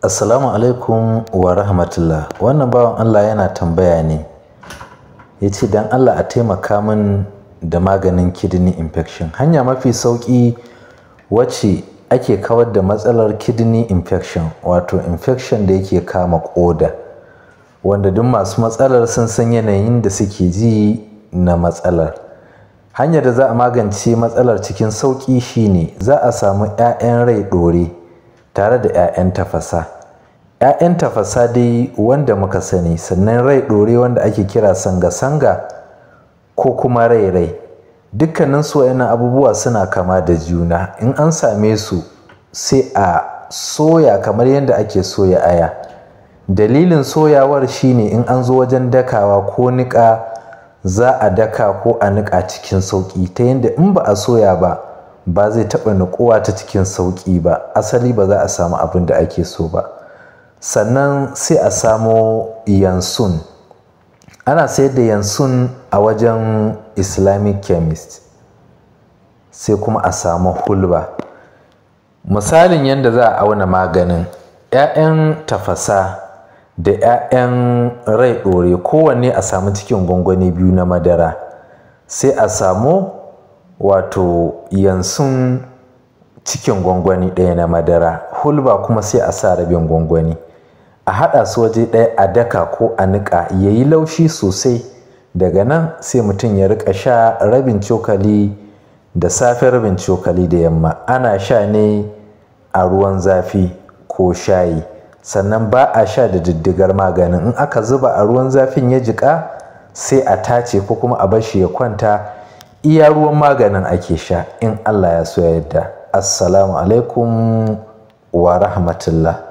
Assalamu alaikum wa rahmatullah. Wannan bawan Allah yana tambaya ne. Ya ce don Allah a taimaka min da maganin kidney infection. Hanya mafi sauƙi wacce ake kawar da matsalar kidney infection wato infection da yake kama ƙoda. Wanda duk masu matsalar sun san yanayin da suke ji na matsalar. Hanyar da za a magance matsalar cikin sauƙi shine za a samu 'ya'yan rai ɗore. tare da 'ya'yan tafasa 'ya'yan tafasa dai wanda muka sani sannan rai ɗore wanda ake kira sanga-sanga ko kuma rai rai dukkanin su abubuwa suna kama da juna in an same su sai a soya kamar yadda ake soya aya dalilin soyawar shine in an zo wajen dakawa ko niƙa za a daka ko a niƙa cikin sauƙi ta yadda in ba a soya ba ba zai taɓa nukuwa ta cikin sauƙi ba asali ba za a samu abin da ake so ba sannan sai a samu yansun ana sayar da yansun a wajen islamic chemist sai kuma a samu hulba misalin yadda za a auna maganin 'ya'yan tafasa da 'ya'yan rai ɗore kowanne a samu cikin gwangwani biyu na madara sai a samu wato yansun cikin gwangwani ɗaya na madara hulba kuma sai a sa rabin gwangwani a haɗa su waje ɗaya a daka ko a niƙa ya yi laushi sosai daga nan sai mutum ya riƙa sha rabin cokali da safe rabin cokali da yamma ana sha ne a ruwan zafi ko shayi sannan ba a sha da diddigar maganin in aka zuba a ruwan zafin ya jiƙa sai a tace ko kuma a bashi ya kwanta iya ruwan maganin ake sha in Allah ya so ya yadda assalamu alaikum wa rahmatullah